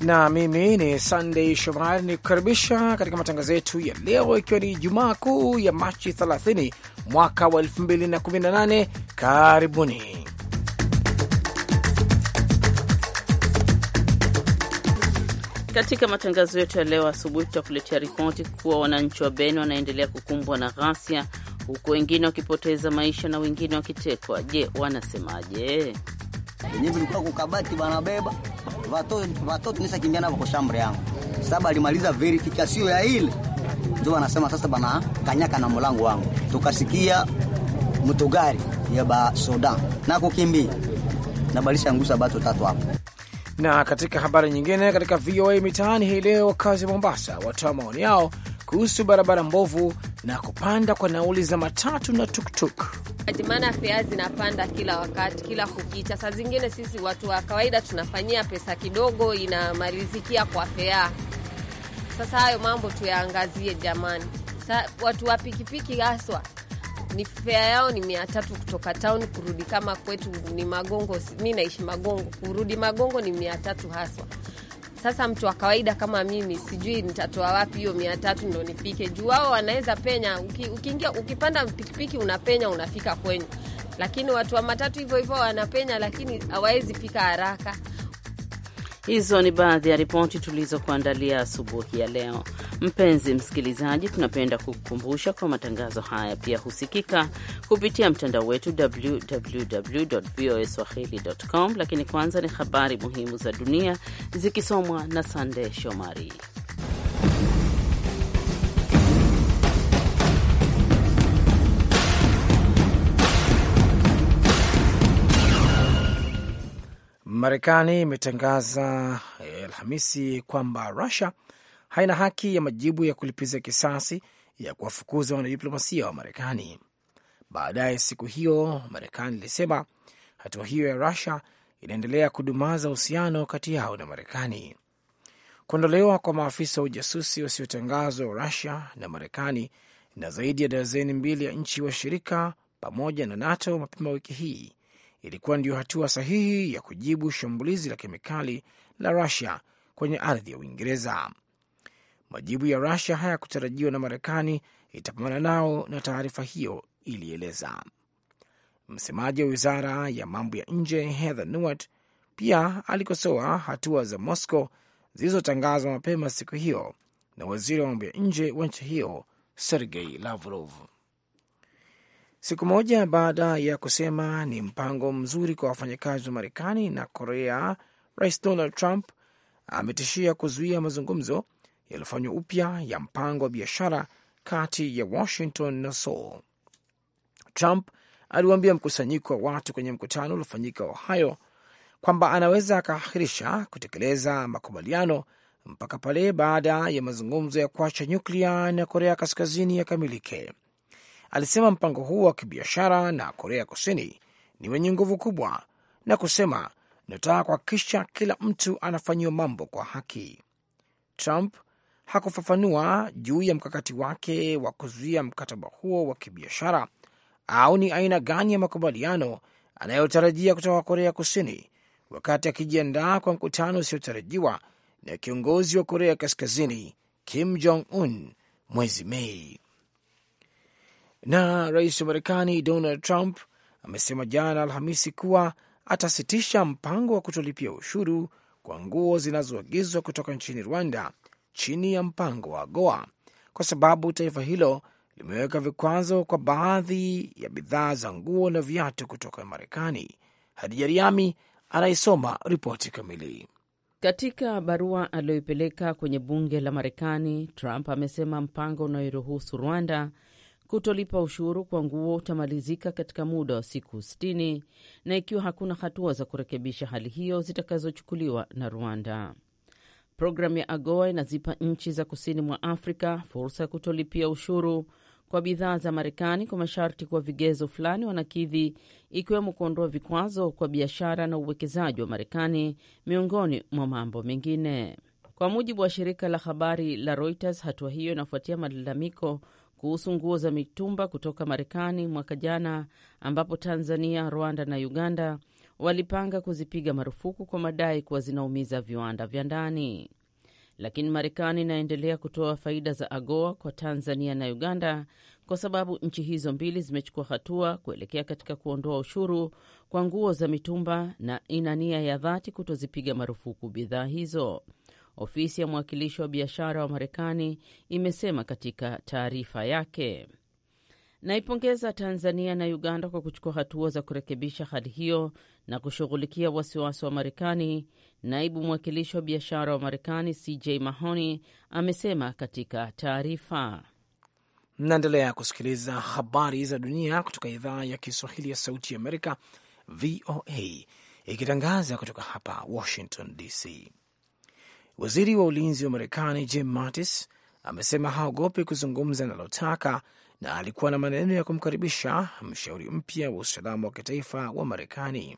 na mimi ni sandey Shomari ni kukaribisha katika matangazo yetu ya leo, ikiwa ni Jumaa Kuu ya Machi 30 mwaka wa 2018. Karibuni katika matangazo yetu ya leo asubuhi. Tutakuletea ripoti kuwa wananchi wa Beni wanaendelea kukumbwa na ghasia, huku wengine wakipoteza maisha na wengine wakitekwa. Je, wanasemaje? yenyewe vilikuwa kukabati banabeba watoto watoto nisa kimbia navo kwa shambre yangu. Sasa balimaliza verification ya ile ndio anasema sasa bana kanyaka na mlango wangu, tukasikia mtogari ya ba soda na kukimbia na balishangusa bato tatu hapo. Na katika habari nyingine, katika VOA mitaani hii leo, wakazi wa Mombasa watoa maoni yao kuhusu barabara mbovu na kupanda kwa nauli za matatu na tuktuk. Maana fea zinapanda kila wakati, kila kukicha. Saa zingine sisi watu wa kawaida tunafanyia pesa kidogo, inamalizikia kwa fea. Sasa hayo mambo tuyaangazie jamani. Sa, watu wa pikipiki haswa ni fea yao ni mia tatu kutoka town kurudi, kama kwetu ni Magongo. Mi naishi Magongo, kurudi Magongo ni mia tatu haswa sasa mtu wa kawaida kama mimi, sijui nitatoa wapi hiyo mia tatu ndo nifike juu. Wao wanaweza penya, ukiingia uki ukipanda pikipiki unapenya unafika kwenyu, lakini watu wa matatu hivyo hivyo wanapenya, lakini hawawezi fika haraka. Hizo ni baadhi ya ripoti tulizokuandalia asubuhi ya leo. Mpenzi msikilizaji, tunapenda kukukumbusha kwa matangazo haya pia husikika kupitia mtandao wetu www voa swahili.com. Lakini kwanza ni habari muhimu za dunia zikisomwa na Sande Shomari. Marekani imetangaza Alhamisi kwamba Rusia haina haki ya majibu ya kulipiza kisasi ya kuwafukuza wanadiplomasia wa Marekani. Baadaye siku hiyo Marekani ilisema hatua hiyo ya Rusia inaendelea kudumaza uhusiano kati yao na Marekani. Kuondolewa kwa maafisa wa ujasusi wasiotangazwa wa Rusia na Marekani na zaidi ya darazeni mbili ya nchi washirika pamoja na NATO mapema wiki hii ilikuwa ndiyo hatua sahihi ya kujibu shambulizi la kemikali la Rusia kwenye ardhi ya Uingereza. Majibu ya Rusia hayakutarajiwa na Marekani itapambana nao na taarifa hiyo ilieleza. Msemaji wa wizara ya mambo ya nje Heather Nauert pia alikosoa hatua za Moscow zilizotangazwa mapema siku hiyo na waziri wa mambo ya nje wa nchi hiyo Sergei Lavrov. Siku moja baada ya kusema ni mpango mzuri kwa wafanyakazi wa Marekani na Korea, Rais Donald Trump ametishia kuzuia mazungumzo yaliyofanywa upya ya mpango wa biashara kati ya Washington na Seoul. Trump aliwaambia mkusanyiko wa watu kwenye mkutano uliofanyika Ohio kwamba anaweza akaahirisha kutekeleza makubaliano mpaka pale baada ya mazungumzo ya kuacha nyuklia na Korea Kaskazini yakamilike. Alisema mpango huo wa kibiashara na Korea Kusini ni wenye nguvu kubwa, na kusema nataka kuhakikisha kila mtu anafanyiwa mambo kwa haki. Trump hakufafanua juu ya mkakati wake wa kuzuia mkataba huo wa kibiashara au ni aina gani ya makubaliano anayotarajia kutoka Korea Kusini wakati akijiandaa kwa mkutano usiotarajiwa na kiongozi wa Korea Kaskazini Kim Jong Un mwezi Mei. Na rais wa Marekani Donald Trump amesema jana Alhamisi kuwa atasitisha mpango wa kutolipia ushuru kwa nguo zinazoagizwa kutoka nchini Rwanda chini ya mpango wa AGOA kwa sababu taifa hilo limeweka vikwazo kwa baadhi ya bidhaa za nguo na viatu kutoka Marekani. Hadija Riami anaisoma ripoti kamili. Katika barua aliyoipeleka kwenye bunge la Marekani, Trump amesema mpango unaoiruhusu Rwanda kutolipa ushuru kwa nguo utamalizika katika muda wa siku 60 na ikiwa hakuna hatua za kurekebisha hali hiyo zitakazochukuliwa na Rwanda. Programu ya AGOA inazipa nchi za kusini mwa Afrika fursa ya kutolipia ushuru kwa bidhaa za Marekani kwa masharti kuwa vigezo fulani wanakidhi, ikiwemo kuondoa vikwazo kwa biashara na uwekezaji wa Marekani, miongoni mwa mambo mengine. Kwa mujibu wa shirika la habari la Reuters, hatua hiyo inafuatia malalamiko kuhusu nguo za mitumba kutoka Marekani mwaka jana, ambapo Tanzania, Rwanda na Uganda walipanga kuzipiga marufuku kwa madai kuwa zinaumiza viwanda vya ndani, lakini Marekani inaendelea kutoa faida za AGOA kwa Tanzania na Uganda kwa sababu nchi hizo mbili zimechukua hatua kuelekea katika kuondoa ushuru kwa nguo za mitumba na ina nia ya dhati kutozipiga marufuku bidhaa hizo. Ofisi ya mwakilishi wa biashara wa Marekani imesema katika taarifa yake. Naipongeza Tanzania na Uganda kwa kuchukua hatua za kurekebisha hali hiyo na kushughulikia wasiwasi wa Marekani. Naibu mwakilishi wa biashara wa Marekani CJ Mahoni amesema katika taarifa. Mnaendelea kusikiliza habari za dunia kutoka idhaa ya Kiswahili ya Sauti ya Amerika, VOA, ikitangaza kutoka hapa Washington DC. Waziri wa ulinzi wa Marekani Jim Mattis amesema haogopi kuzungumza analotaka na alikuwa na maneno ya kumkaribisha mshauri mpya wa usalama wa kitaifa wa Marekani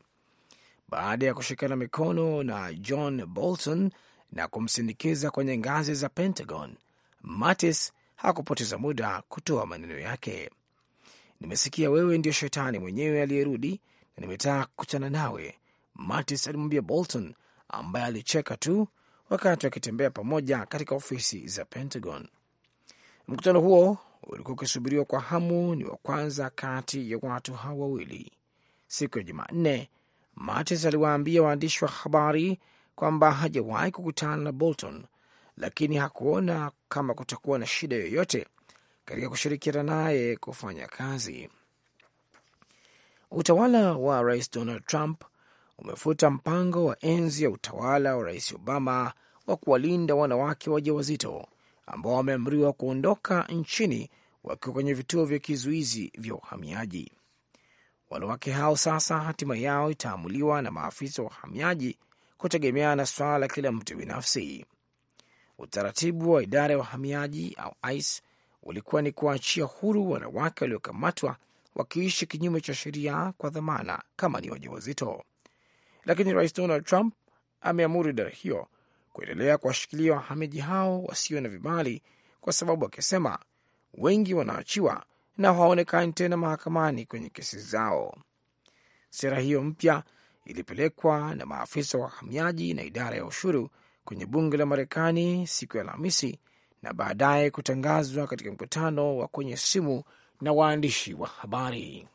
baada ya kushikana mikono na John Bolton na kumsindikiza kwenye ngazi za Pentagon. Mattis hakupoteza muda kutoa maneno yake. Nimesikia wewe ndio shetani mwenyewe aliyerudi na nimetaka kukutana nawe, Mattis alimwambia Bolton ambaye alicheka tu wakati wakitembea pamoja katika ofisi za Pentagon. Mkutano huo ulikuwa ukisubiriwa kwa hamu, ni wa kwanza kati ya watu hawa wawili. Siku ya Jumanne, Mattis aliwaambia waandishi wa habari kwamba hajawahi kukutana na Bolton, lakini hakuona kama kutakuwa na shida yoyote katika kushirikiana naye kufanya kazi. Utawala wa Rais Donald Trump umefuta mpango wa enzi ya utawala wa Rais Obama wa kuwalinda wanawake wajawazito ambao wameamriwa kuondoka nchini wakiwa kwenye vituo vya kizuizi vya uhamiaji. Wanawake hao sasa hatima yao itaamuliwa na maafisa wa uhamiaji kutegemeana na swala la kila mtu binafsi. Utaratibu wa idara ya uhamiaji au ICE ulikuwa ni kuachia huru wanawake waliokamatwa wakiishi kinyume cha sheria kwa dhamana kama ni wajawazito, lakini Rais Donald Trump ameamuru idara hiyo kuendelea kuwashikilia wahamiaji hao wasio na vibali, kwa sababu akisema wengi wanaachiwa na hawaonekani tena mahakamani kwenye kesi zao. Sera hiyo mpya ilipelekwa na maafisa wa wahamiaji na idara ya ushuru kwenye bunge la Marekani siku ya Alhamisi na baadaye kutangazwa katika mkutano wa kwenye simu na waandishi wa habari.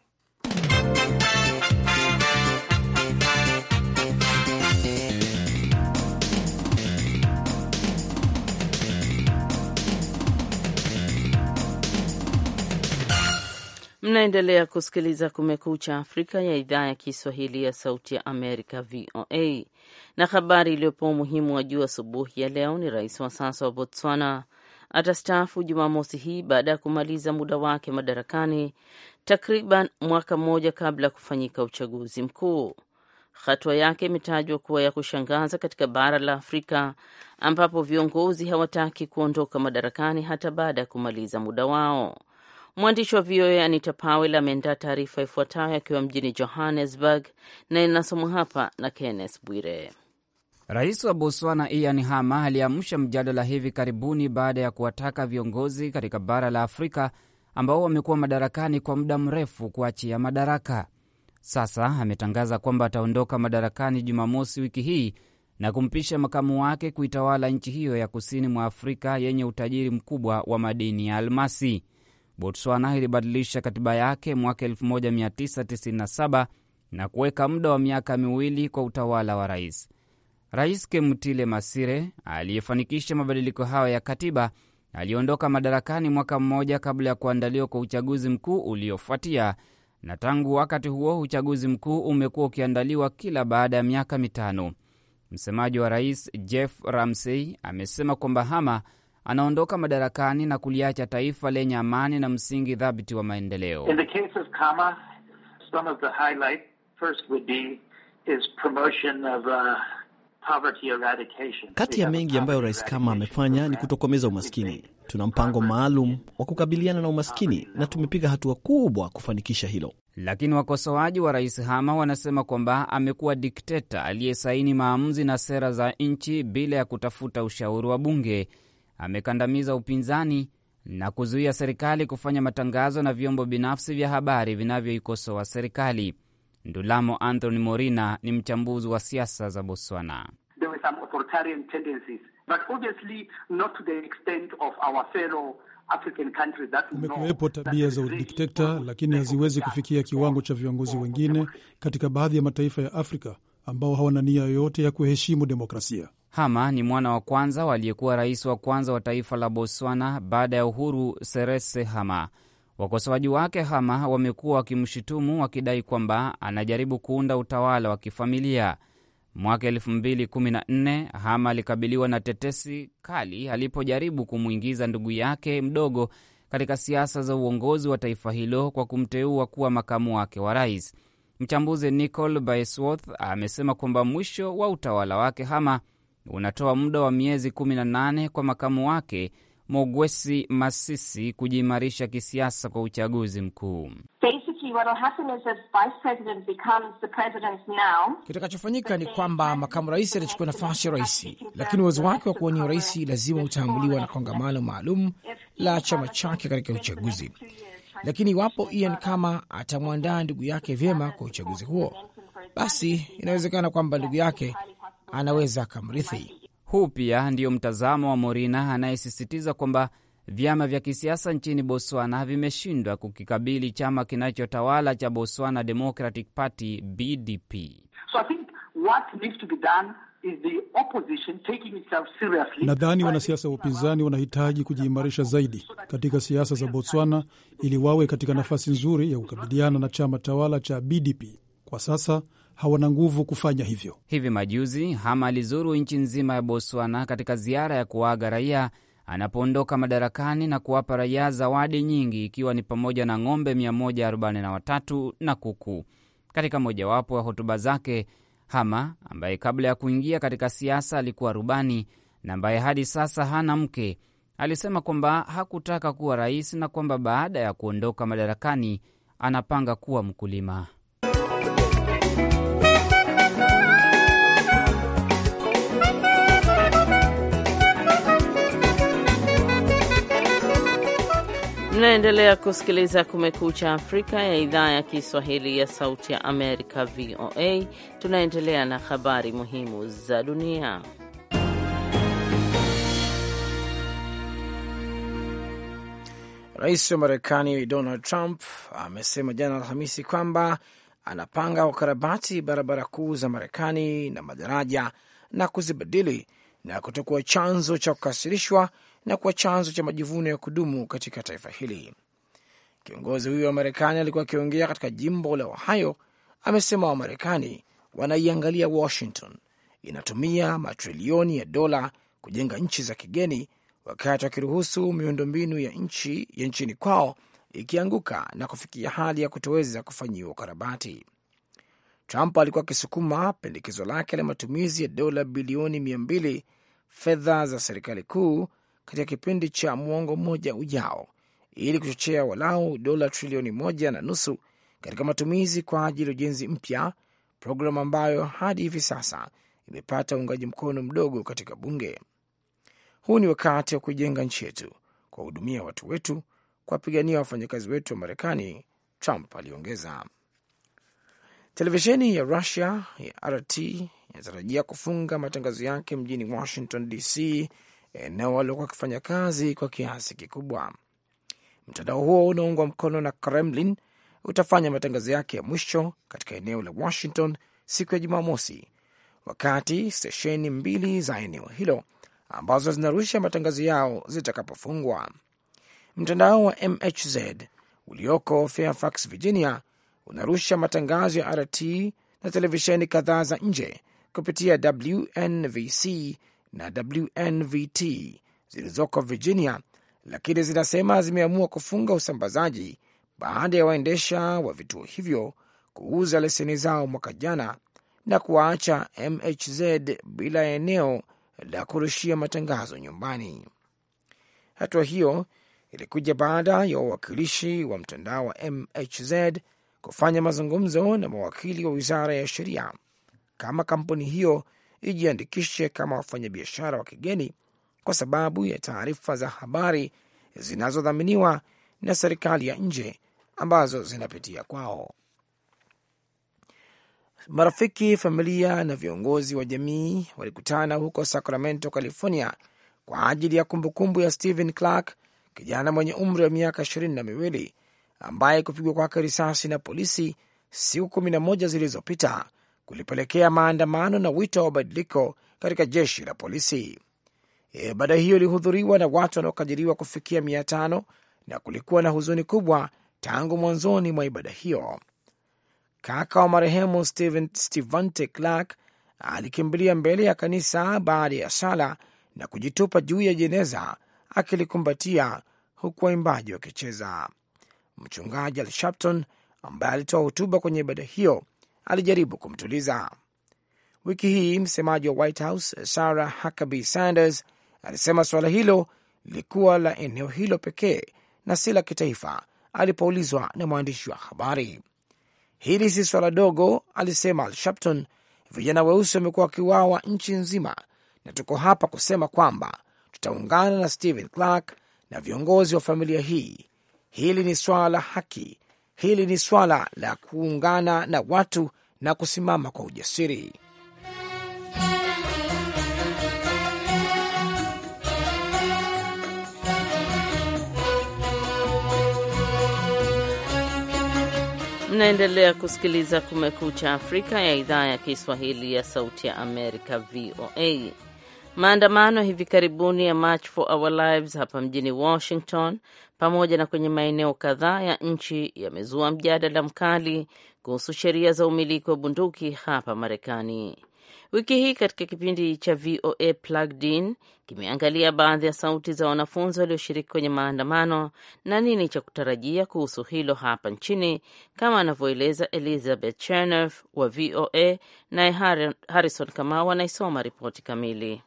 Mnaendelea kusikiliza Kumekucha Afrika ya idhaa ya Kiswahili ya Sauti ya Amerika, VOA. Na habari iliyopewa umuhimu wa juu asubuhi ya leo ni rais wa sasa wa Botswana atastaafu Jumamosi hii baada ya kumaliza muda wake madarakani takriban mwaka mmoja kabla ya kufanyika uchaguzi mkuu. Hatua yake imetajwa kuwa ya kushangaza katika bara la Afrika ambapo viongozi hawataki kuondoka madarakani hata baada ya kumaliza muda wao. Mwandishi wa VOA Anita Powell ameandaa taarifa ifuatayo akiwa mjini Johannesburg na inasomwa hapa na Kenneth Bwire. Rais wa Botswana Ian hama aliamsha mjadala hivi karibuni baada ya kuwataka viongozi katika bara la Afrika ambao wamekuwa madarakani kwa muda mrefu kuachia madaraka. Sasa ametangaza kwamba ataondoka madarakani Jumamosi wiki hii na kumpisha makamu wake kuitawala nchi hiyo ya kusini mwa Afrika yenye utajiri mkubwa wa madini ya almasi. Botswana ilibadilisha katiba yake mwaka 1997 na kuweka muda wa miaka miwili kwa utawala wa rais. Rais Kemutile Masire aliyefanikisha mabadiliko hayo ya katiba aliondoka madarakani mwaka mmoja kabla ya kuandaliwa kwa uchaguzi mkuu uliofuatia, na tangu wakati huo uchaguzi mkuu umekuwa ukiandaliwa kila baada ya miaka mitano. Msemaji wa rais Jeff Ramsey amesema kwamba Hama anaondoka madarakani na kuliacha taifa lenye amani na msingi thabiti wa maendeleo. Kati ya mengi ambayo Rais Kama amefanya ni kutokomeza umaskini. Tuna mpango maalum wa kukabiliana na umaskini na tumepiga hatua kubwa kufanikisha hilo. Lakini wakosoaji wa Rais Hama wanasema kwamba amekuwa dikteta aliyesaini maamuzi na sera za nchi bila ya kutafuta ushauri wa bunge amekandamiza upinzani na kuzuia serikali kufanya matangazo na vyombo binafsi vya habari vinavyoikosoa serikali. Ndulamo Anthony Morina ni mchambuzi wa siasa za Botswana. Kumekuwepo tabia za udikteta, lakini haziwezi kufikia kiwango cha viongozi wengine katika baadhi ya mataifa ya Afrika ambao hawana nia yoyote ya kuheshimu demokrasia. Hama ni mwana wa kwanza aliyekuwa rais wa kwanza wa taifa la Botswana baada ya uhuru, Seretse Hama. Wakosoaji wake Hama wamekuwa wakimshutumu wakidai kwamba anajaribu kuunda utawala wa kifamilia. Mwaka 2014 Hama alikabiliwa na tetesi kali alipojaribu kumwingiza ndugu yake mdogo katika siasa za uongozi wa taifa hilo kwa kumteua kuwa makamu wake wa rais. Mchambuzi Nicol Bysworth amesema kwamba mwisho wa utawala wake Hama unatoa muda wa miezi 18 kwa makamu wake Mogwesi Masisi kujiimarisha kisiasa kwa uchaguzi mkuu. Kitakachofanyika ni kwamba makamu rais atachukua nafasi ya rais, lakini uwezo wake wa kuwania urais lazima utambuliwa na kongamano maalum la chama chake katika uchaguzi. Lakini iwapo Ian kama atamwandaa ndugu yake vyema kwa uchaguzi huo, basi inawezekana kwamba ndugu yake anaweza akamrithi. Huu pia ndiyo mtazamo wa Morina anayesisitiza kwamba vyama vya kisiasa nchini Botswana vimeshindwa kukikabili chama kinachotawala cha Botswana Democratic Party BDP. So I think what needs to be done is the opposition taking itself seriously. Nadhani wanasiasa wa upinzani wanahitaji kujiimarisha zaidi katika siasa za Botswana ili wawe katika nafasi nzuri ya kukabiliana na chama tawala cha BDP. Kwa sasa hawana nguvu kufanya hivyo. Hivi majuzi Hama alizuru nchi nzima ya Botswana katika ziara ya kuwaaga raia anapoondoka madarakani na kuwapa raia zawadi nyingi, ikiwa ni pamoja na ng'ombe 143 na kuku. Katika mojawapo ya hotuba zake, Hama ambaye kabla ya kuingia katika siasa alikuwa rubani na ambaye hadi sasa hana mke, alisema kwamba hakutaka kuwa rais na kwamba baada ya kuondoka madarakani anapanga kuwa mkulima. Mnaendelea kusikiliza Kumekucha Afrika ya idhaa ya Kiswahili ya Sauti ya Amerika, VOA. Tunaendelea na habari muhimu za dunia. Rais wa Marekani Donald Trump amesema jana Alhamisi kwamba anapanga kukarabati barabara kuu za Marekani na madaraja na kuzibadili na kutokuwa chanzo cha kukasirishwa na kuwa chanzo cha majivuno ya kudumu katika taifa hili. Kiongozi huyo wa Marekani alikuwa akiongea katika jimbo la Ohio. Amesema Wamarekani wanaiangalia Washington inatumia matrilioni ya dola kujenga nchi za kigeni, wakati wakiruhusu miundombinu ya nchi ya nchini kwao ikianguka na kufikia hali ya kutoweza kufanyiwa ukarabati. Trump alikuwa akisukuma pendekezo lake la matumizi ya dola bilioni mia mbili fedha za serikali kuu katika kipindi cha mwongo mmoja ujao ili kuchochea walau dola trilioni moja na nusu katika matumizi kwa ajili ya ujenzi mpya, programu ambayo hadi hivi sasa imepata uungaji mkono mdogo katika bunge. Huu ni wakati wa kuijenga nchi yetu, kuwahudumia watu wetu, kuwapigania wafanyakazi wetu wa Marekani, Trump aliongeza. Televisheni ya Rusia ya RT inatarajia kufunga matangazo yake mjini Washington DC eneo waliokuwa wakifanya kazi kwa kiasi kikubwa. Mtandao huo unaungwa mkono na Kremlin utafanya matangazo yake ya mwisho katika eneo la Washington siku ya Jumamosi, wakati stesheni mbili za eneo hilo ambazo zinarusha matangazo yao zitakapofungwa. Mtandao wa MHZ ulioko Fairfax, Virginia, unarusha matangazo ya RT na televisheni kadhaa za nje kupitia WNVC na WNVT zilizoko Virginia, lakini zinasema zimeamua kufunga usambazaji baada ya waendesha wa vituo hivyo kuuza leseni zao mwaka jana na kuwaacha MHZ bila eneo la kurushia matangazo nyumbani. Hatua hiyo ilikuja baada ya wawakilishi wa mtandao wa MHZ kufanya mazungumzo na mawakili wa wizara ya sheria kama kampuni hiyo ijiandikishe kama wafanyabiashara wa kigeni kwa sababu ya taarifa za habari zinazodhaminiwa na serikali ya nje ambazo zinapitia kwao. Marafiki, familia na viongozi wa jamii walikutana huko Sacramento, California kwa ajili ya kumbukumbu ya Stephen Clark, kijana mwenye umri wa miaka ishirini na miwili ambaye kupigwa kwake risasi na polisi siku kumi na moja zilizopita kulipelekea maandamano na wito wa mabadiliko katika jeshi la polisi. Ibada e, hiyo ilihudhuriwa na watu wanaokadiriwa kufikia mia tano na kulikuwa na huzuni kubwa tangu mwanzoni mwa ibada hiyo. Kaka wa marehemu Stevante Clark alikimbilia mbele ya kanisa baada ya sala na kujitupa juu ya jeneza akilikumbatia huku waimbaji wakicheza. Mchungaji Al Shapton ambaye alitoa hotuba kwenye ibada hiyo alijaribu kumtuliza. Wiki hii msemaji wa White House Sarah Huckabee Sanders alisema suala hilo lilikuwa la eneo hilo pekee na si la kitaifa. Alipoulizwa na mwandishi wa habari, hili si swala dogo, alisema Al Sharpton, vijana weusi wamekuwa wakiuawa nchi nzima, na tuko hapa kusema kwamba tutaungana na Stephen Clark na viongozi wa familia hii. Hili ni swala la haki hili ni swala la kuungana na watu na kusimama kwa ujasiri. Mnaendelea kusikiliza Kumekucha Afrika ya idhaa ya Kiswahili ya Sauti ya Amerika, VOA. Maandamano hivi karibuni ya March for Our Lives hapa mjini Washington pamoja na kwenye maeneo kadhaa ya nchi yamezua mjadala mkali kuhusu sheria za umiliki wa bunduki hapa Marekani. Wiki hii katika kipindi cha VOA Plugged In kimeangalia baadhi ya sauti za wanafunzi walioshiriki kwenye maandamano na nini cha kutarajia kuhusu hilo hapa nchini, kama anavyoeleza Elizabeth Chernoff wa VOA, naye Harrison Kamau anaisoma ripoti kamili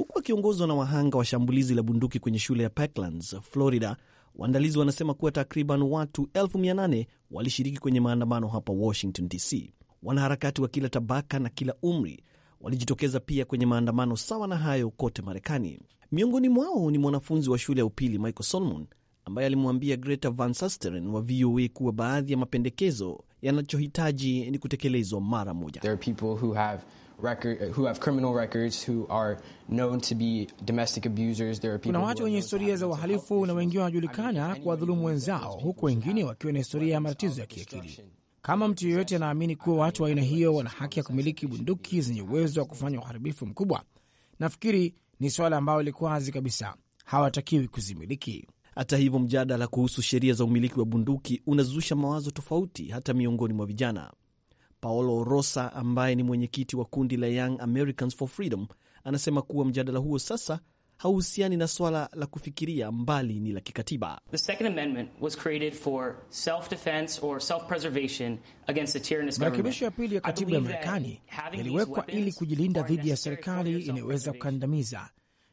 huku akiongozwa na wahanga wa shambulizi la bunduki kwenye shule ya Parklands, Florida. Waandalizi wanasema kuwa takriban watu 8 walishiriki kwenye maandamano hapa Washington DC. Wanaharakati wa kila tabaka na kila umri walijitokeza pia kwenye maandamano sawa na hayo kote Marekani. Miongoni mwao ni mwanafunzi wa shule ya upili Michael Solomon ambaye alimwambia Greta Van Susteren wa VOA kuwa baadhi ya mapendekezo yanachohitaji ni kutekelezwa mara moja. Kuna watu wenye historia za uhalifu na wengine wanajulikana kwa wadhulumu wenzao, huku wengine wakiwa na historia ya matatizo ya kiakili. Kama mtu yeyote anaamini kuwa watu wa aina hiyo wana haki ya kumiliki bunduki zenye uwezo wa kufanya uharibifu mkubwa, nafikiri ni suala ambalo liko wazi kabisa, hawatakiwi kuzimiliki. Hata hivyo, mjadala kuhusu sheria za umiliki wa bunduki unazusha mawazo tofauti hata miongoni mwa vijana. Paolo Rosa ambaye ni mwenyekiti wa kundi la Young Americans for Freedom anasema kuwa mjadala huo sasa hauhusiani na swala la kufikiria mbali ni la kikatiba. Marekebisho ya pili ya katiba ya Marekani yaliwekwa ili kujilinda dhidi ya serikali inayoweza kukandamiza.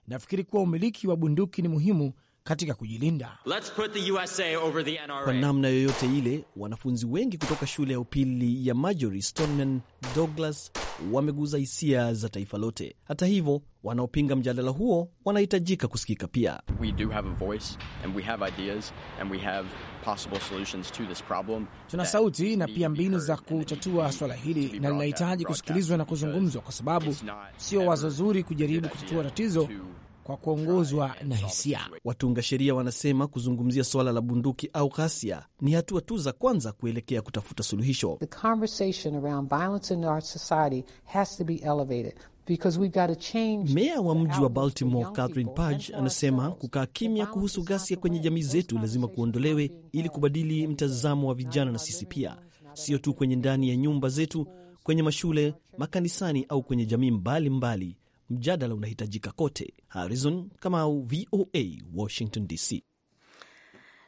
Nafikiri kuwa umiliki wa bunduki ni muhimu katika kujilinda. Kwa namna yoyote ile, wanafunzi wengi kutoka shule ya upili ya Marjory Stoneman Douglas wameguza hisia za taifa lote. Hata hivyo, wanaopinga mjadala huo wanahitajika kusikika pia. Tuna sauti na pia mbinu za kutatua swala hili, na linahitaji kusikilizwa na kuzungumzwa, kwa sababu sio wazo zuri kujaribu kutatua tatizo kwa kuongozwa na hisia. Watunga sheria wanasema kuzungumzia suala la bunduki au ghasia ni hatua tu za kwanza kuelekea kutafuta suluhisho. Meya wa mji wa Baltimore Catherine Page anasema kukaa kimya kuhusu ghasia kwenye jamii zetu lazima kuondolewe ili kubadili mtazamo wa vijana, na sisi pia, sio tu kwenye ndani ya nyumba zetu, kwenye mashule, makanisani au kwenye jamii mbalimbali mbali. Mjadala unahitajika kote. Harrison Kamau, VOA, Washington DC.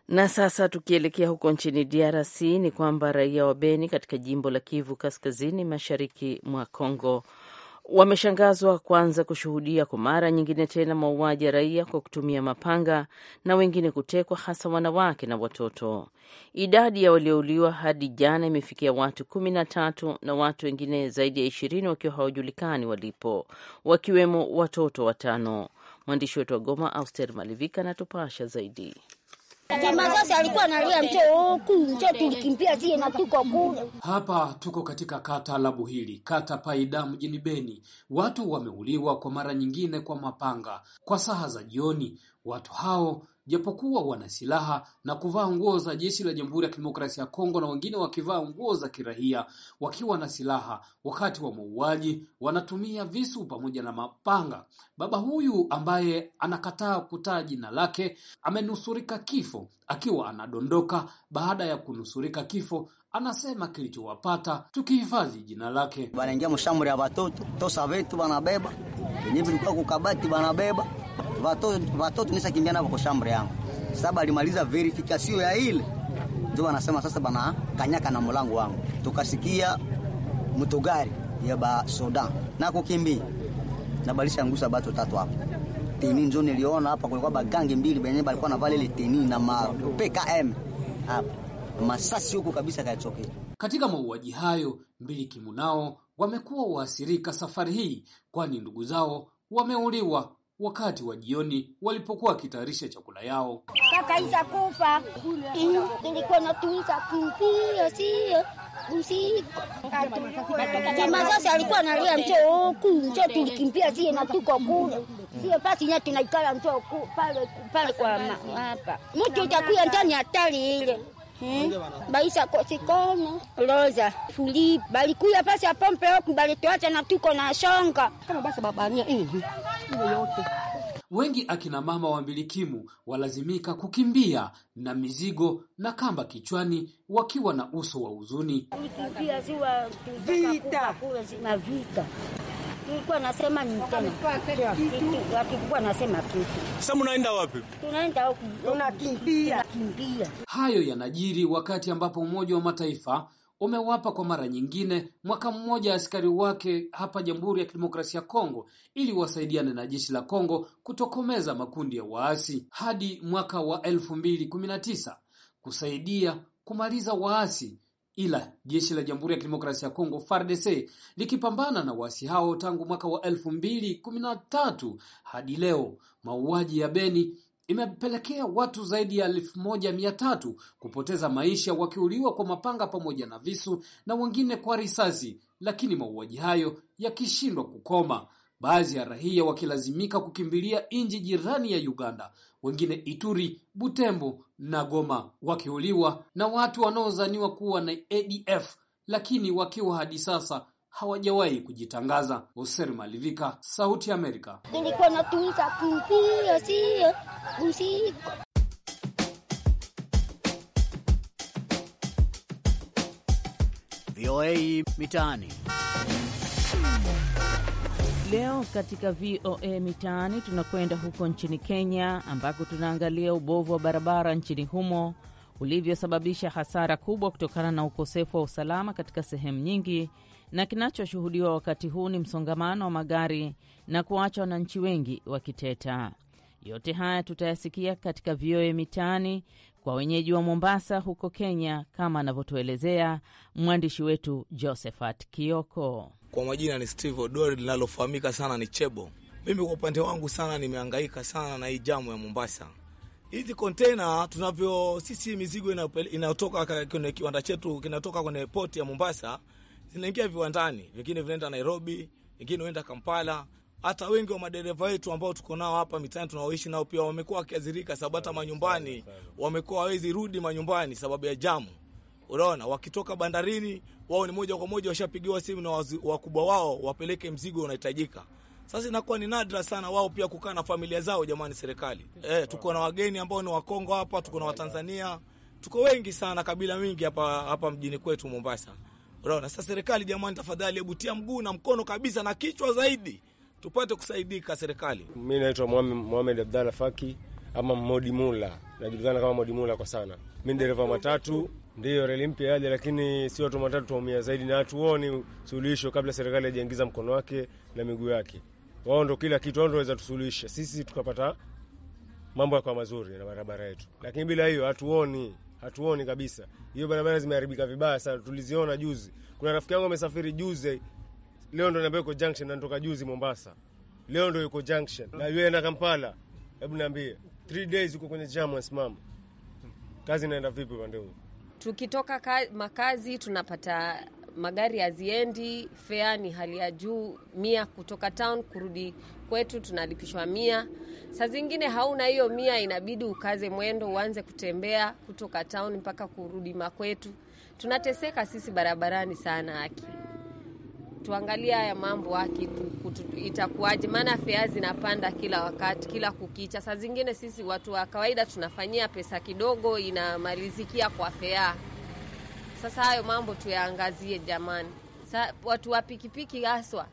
Na sasa tukielekea huko nchini DRC ni kwamba raia wa Beni katika jimbo la Kivu Kaskazini, mashariki mwa congo wameshangazwa kwanza kushuhudia kwa mara nyingine tena mauaji ya raia kwa kutumia mapanga na wengine kutekwa, hasa wanawake na watoto. Idadi ya waliouliwa hadi jana imefikia watu kumi na tatu na watu wengine zaidi ya ishirini wakiwa hawajulikani walipo, wakiwemo watoto watano. Mwandishi wetu wa Goma, Auster Malivika, anatupasha zaidi alikuwa analia huku tulikimbia sie na tuko kule. Hapa tuko katika kata la Buhili, kata Paida, mjini Beni. Watu wameuliwa kwa mara nyingine kwa mapanga kwa saha za jioni. Watu hao japokuwa wana silaha na kuvaa nguo za jeshi la Jamhuri ya Kidemokrasia ya Kongo na wengine wakivaa nguo za kiraia wakiwa na silaha. Wakati wa mauaji wanatumia visu pamoja na mapanga. Baba huyu ambaye anakataa kutaa jina lake amenusurika kifo akiwa anadondoka. Baada ya kunusurika kifo, anasema kilichowapata, tukihifadhi jina lake. Wanaingia mshamri ya watoto tosa vetu wanabeba nivikuwa kukabati wanabeba watoto vato kimbia hapo kwa shamba yangu. saba alimaliza verification ya ile. Ndio anasema sasa bana kanyaka na mlango wangu. Tukasikia mtogari ya ba soda na kukimbi Na balisha ngusa batu tatu hapo. Teni njo niliona hapa kulikuwa bagangi mbili benye balikuwa na vale ile teni na ma PKM. Hapo. Masasi huko kabisa kayatokea. Katika mauaji hayo, mbili kimunao wamekuwa waathirika safari hii kwani ndugu zao wameuliwa wakati wa jioni walipokuwa wakitayarisha chakula yao. Kaka Isa kufa ilikuwa natuiza kumpio sio usiku jamaa sasa alikuwa analia mchoo huku mchoo, tulikimbia sie na tuko kule sio basi nya tunaikala mchoo pale pale kwa hapa mtu utakuya ndani hatari ile Hmm? Baisha kosikono Roza fuli balikuya pasi apompe oku balituacha na tuko na shonga kama basi babania hivi Wengi akina mama wa mbilikimu walazimika kukimbia na mizigo na kamba kichwani, wakiwa na uso wa huzuni. Sasa mnaenda wapi? Tunaenda huku, tunakimbia Hayo yanajiri wakati ambapo Umoja wa Mataifa umewapa kwa mara nyingine mwaka mmoja askari wake hapa Jamhuri ya Kidemokrasia ya Kongo ili wasaidiane na jeshi la Kongo kutokomeza makundi ya waasi hadi mwaka wa 2019 kusaidia kumaliza waasi, ila jeshi la Jamhuri ya Kidemokrasia ya Kongo FARDC likipambana na waasi hao tangu mwaka wa 2013 hadi leo. Mauaji ya Beni imepelekea watu zaidi ya elfu moja mia tatu kupoteza maisha wakiuliwa kwa mapanga pamoja na visu na wengine kwa risasi, lakini mauaji hayo yakishindwa kukoma, baadhi ya raia wakilazimika kukimbilia nchi jirani ya Uganda, wengine Ituri, Butembo na Goma, wakiuliwa na watu wanaozaniwa kuwa na ADF, lakini wakiwa hadi sasa hawajawahi kujitangaza. Hoser Malivika, Sauti Amerika. nilikuwa natuza kumpio sio usiku VOA Mitaani. Leo katika VOA Mitaani tunakwenda huko nchini Kenya ambako tunaangalia ubovu wa barabara nchini humo ulivyosababisha hasara kubwa kutokana na ukosefu wa usalama katika sehemu nyingi na kinachoshuhudiwa wakati huu ni msongamano wa magari na kuwacha wananchi wengi wakiteta. Yote haya tutayasikia katika vioe Mitaani kwa wenyeji wa Mombasa huko Kenya, kama anavyotuelezea mwandishi wetu Josephat Kioko. Kwa majina ni Steve Odori, linalofahamika sana ni Chebo. Mimi kwa upande wangu sana nimehangaika sana na hii jamu ya Mombasa. Hizi kontena tunavyo sisi, mizigo inayotoka kwenye kiwanda chetu kinatoka kwenye poti ya Mombasa zinaingia viwandani, vingine vinaenda Nairobi, vingine huenda Kampala. Hata wengi wa madereva wetu ambao tuko nao hapa mitaani tunaoishi nao pia wamekuwa wakiadhirika, sababu hata manyumbani wamekuwa hawezi rudi manyumbani sababu ya jamu. Unaona, wakitoka bandarini wao ni moja kwa moja washapigiwa simu na wakubwa wao wapeleke mzigo unahitajika. Sasa inakuwa ni nadra sana wao pia kukaa na familia zao. Jamani serikali, e, tuko na wageni ambao ni Wakongo hapa, tuko na Watanzania, tuko wengi sana, kabila mingi hapa hapa mjini kwetu Mombasa. Unaona, sasa serikali jamani, tafadhali hebu tia mguu na mkono kabisa na kichwa zaidi, tupate kusaidika serikali. Mimi naitwa Mohamed Abdalla Faki ama Modi Mula, najulikana kama Modi Mula kwa sana. Mi ni dereva matatu, ndiyo reli mpya yaje, lakini si watu matatu twaumia zaidi, na hatuoni suluhisho kabla serikali hajaingiza mkono wake na miguu yake. Wao ndo kila kitu, wao ndo waweza tusuluhisha sisi tukapata mambo yakawa mazuri na barabara yetu, lakini bila hiyo hatuoni hatuoni kabisa. Hiyo barabara zimeharibika vibaya sana, tuliziona juzi. Kuna rafiki yangu amesafiri juzi, leo ndo niambia yuko junction, na natoka juzi Mombasa, leo ndo yuko junction na yeye na Kampala. Hebu niambie, three days uko kwenye jam, asimama Kazi inaenda vipi upande huu? Tukitoka makazi tunapata magari haziendi, fea ni hali ya juu, mia kutoka town kurudi kwetu tunalipishwa mia. Saa zingine hauna hiyo mia, inabidi ukaze mwendo, uanze kutembea kutoka town mpaka kurudi makwetu. Tunateseka sisi barabarani sana. aki tuangalia haya mambo, aki itakuwaje? Maana fea zinapanda kila wakati, kila kukicha. Saa zingine sisi watu wa kawaida tunafanyia pesa kidogo, inamalizikia kwa fea. Sasa hayo mambo tuyaangazie jamani. Sa, watu wa pikipiki haswa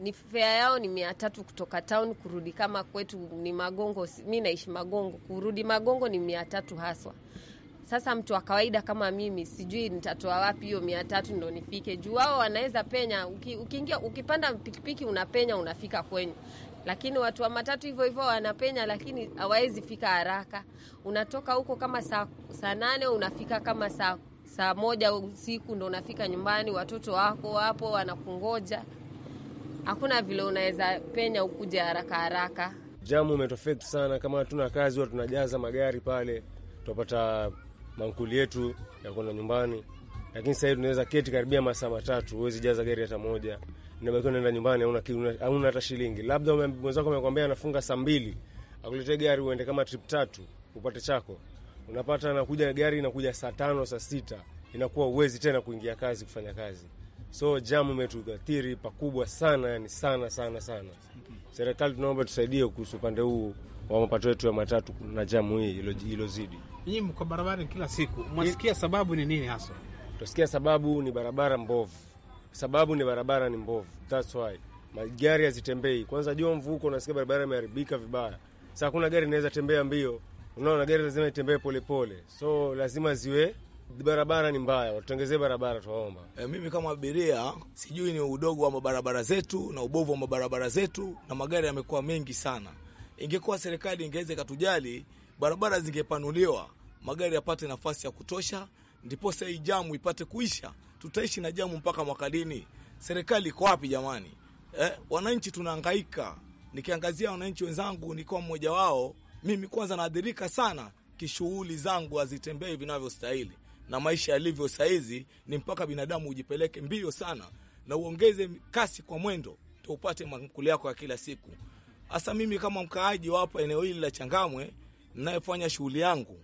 ni fea yao ni mia tatu kutoka town kurudi, kama kwetu ni Magongo, mi naishi Magongo, kurudi Magongo ni mia tatu haswa. Sasa mtu wa kawaida kama mimi sijui nitatoa wapi hiyo mia tatu ndo nifike juu. Wao wanaweza penya, ukiingia uki ukipanda pikipiki unapenya unafika kwenyu, lakini watu wa matatu hivyo hivyo wanapenya, lakini hawawezi fika haraka. Unatoka huko kama saa saa nane unafika kama saa saa moja usiku ndo unafika nyumbani, watoto wako wapo wanakungoja. Hakuna vile unaweza penya ukuja haraka haraka. Jamu umetofekt sana, kama hatuna kazi huwa tunajaza magari pale, tunapata mankuli yetu ya kwenda nyumbani. Lakini sahii tunaweza keti karibia masaa matatu, huwezi jaza gari hata moja, nabaki naenda nyumbani, hauna hata shilingi. Labda mwenzako amekwambia anafunga saa mbili akuletee gari uende kama trip tatu upate chako unapata nakuja gari inakuja saa tano saa sita inakuwa uwezi tena kuingia kazi kufanya kazi, so jamu imetuathiri pakubwa sana, yani sana sana sana. Serikali tunaomba tusaidie kuhusu upande huu wa mapato yetu ya matatu na jamu hii ilozidi. Nyinyi mko barabarani kila siku, mwasikia sababu ni nini hasa? Tusikia sababu ni barabara mbovu, sababu ni barabara ni mbovu, that's why magari hazitembei. Kwanza jua mvuko, unasikia barabara imeharibika vibaya, saa kuna gari inaweza tembea mbio Unaona, gari lazima itembee polepole, so lazima ziwe barabara ni mbaya, watutengezee barabara tuwaomba. E, eh, mimi kama abiria sijui ni udogo wa mabarabara zetu na ubovu wa mabarabara zetu, na magari yamekuwa mengi sana. Ingekuwa serikali ingeweza ikatujali, barabara zingepanuliwa, magari yapate nafasi ya kutosha, ndiposa hii jamu ipate kuisha. Tutaishi na jamu mpaka mwaka lini? Serikali iko wapi jamani? Eh, wananchi tunahangaika. Nikiangazia wananchi wenzangu, nikiwa mmoja wao mimi kwanza naadhirika sana kishughuli zangu hazitembei vinavyostahili, na maisha yalivyo saizi ni mpaka binadamu ujipeleke mbio sana na uongeze kasi kwa mwendo tuupate makuli yako ya kila siku. Hasa mimi kama mkaaji wa hapa eneo hili la Changamwe ninayefanya shughuli yangu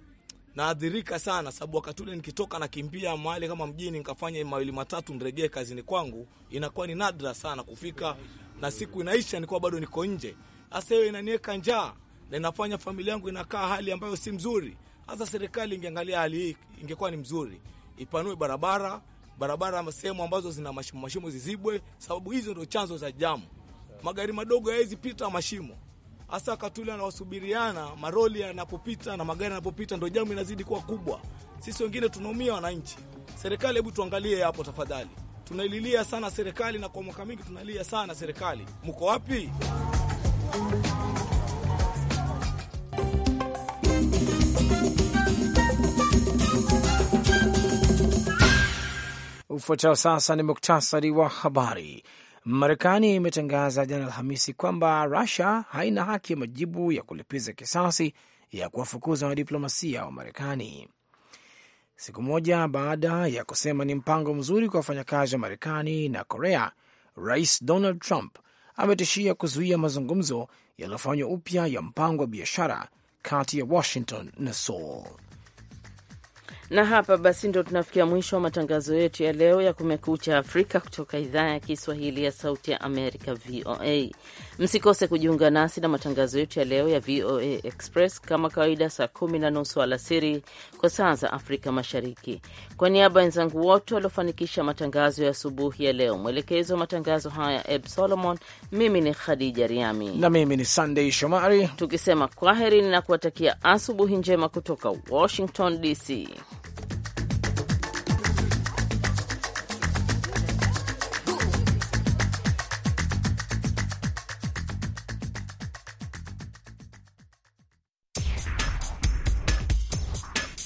naadhirika sana sababu wakati ule nikitoka nakimbia mahali kama mjini nikafanya mawili matatu nirejee kazini kwangu, inakuwa ni nadra sana kufika, na siku inaisha nikuwa bado niko nje. Hasa hiyo inaniweka njaa na inafanya familia yangu inakaa hali ambayo si mzuri. Hasa serikali ingeangalia hali hii, ingekuwa ni mzuri, ipanue barabara barabara sehemu ambazo zina mashimo mashimo zizibwe, sababu hizo ndio chanzo za jamu. Magari madogo hayawezi pita mashimo, hasa katuli anawasubiriana maroli yanapopita na magari yanapopita, ndio jamu inazidi kuwa kubwa. Sisi wengine tunaumia, wananchi. Serikali, hebu tuangalie hapo tafadhali. Tunaililia sana serikali, na kwa mwaka mingi tunalia sana serikali, mko wapi? Ufuatao sasa ni muktasari wa habari. Marekani imetangaza jana Alhamisi kwamba Rusia haina haki ya majibu ya kulipiza kisasi ya kuwafukuza wadiplomasia wa Marekani, siku moja baada ya kusema ni mpango mzuri kwa wafanyakazi wa Marekani na Korea. Rais Donald Trump ametishia kuzuia mazungumzo yaliyofanywa upya ya mpango wa biashara kati ya Washington na Seoul. Na hapa basi ndo tunafikia mwisho wa matangazo yetu ya leo ya Kumekucha Afrika kutoka idhaa ya Kiswahili ya Sauti ya Amerika, VOA. Msikose kujiunga nasi na matangazo yetu ya leo ya VOA Express kama kawaida, saa kumi na nusu alasiri kwa saa za Afrika Mashariki. Kwa niaba ya wenzangu wote waliofanikisha matangazo ya asubuhi ya leo, mwelekezi wa matangazo haya Eb Solomon, mimi ni Khadija Riami na mimi ni Sandei Shomari, tukisema kwaherini na kuwatakia asubuhi njema kutoka Washington DC.